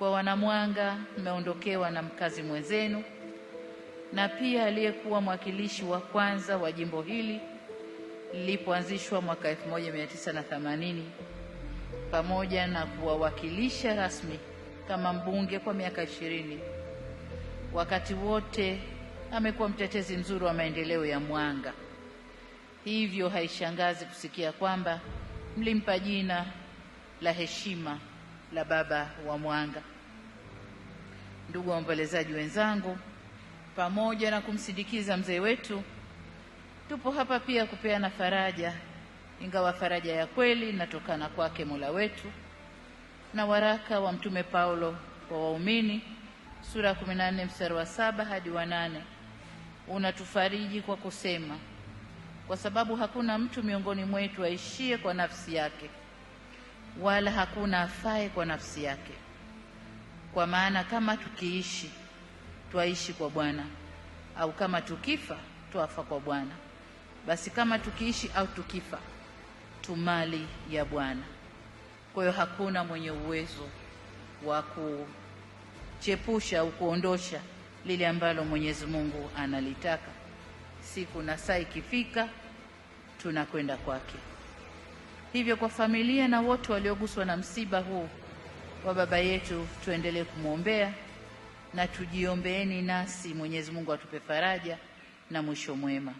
Kwa Wanamwanga, mmeondokewa na mkazi mwenzenu na pia aliyekuwa mwakilishi wa kwanza wa jimbo hili lilipoanzishwa mwaka 1980 pamoja na kuwawakilisha rasmi kama mbunge kwa miaka ishirini. Wakati wote amekuwa mtetezi mzuri wa maendeleo ya Mwanga, hivyo haishangazi kusikia kwamba mlimpa jina la heshima la baba wa Mwanga. Ndugu waombolezaji wenzangu, pamoja na kumsindikiza mzee wetu, tupo hapa pia kupeana faraja, ingawa faraja ya kweli inatokana kwake Mola wetu, na waraka wa Mtume Paulo kwa waumini sura ya 14 mstari wa saba hadi wa nane unatufariji kwa kusema, kwa sababu hakuna mtu miongoni mwetu aishie kwa nafsi yake wala hakuna afae kwa nafsi yake. Kwa maana kama tukiishi twaishi kwa Bwana, au kama tukifa twafa kwa Bwana. Basi kama tukiishi au tukifa tu mali ya Bwana. Kwa hiyo hakuna mwenye uwezo wa kuchepusha au kuondosha lile ambalo Mwenyezi Mungu analitaka. Siku na saa ikifika, tunakwenda kwake. Hivyo kwa familia na wote walioguswa na msiba huu wa baba yetu, tuendelee kumwombea na tujiombeeni nasi Mwenyezi Mungu atupe faraja na mwisho mwema.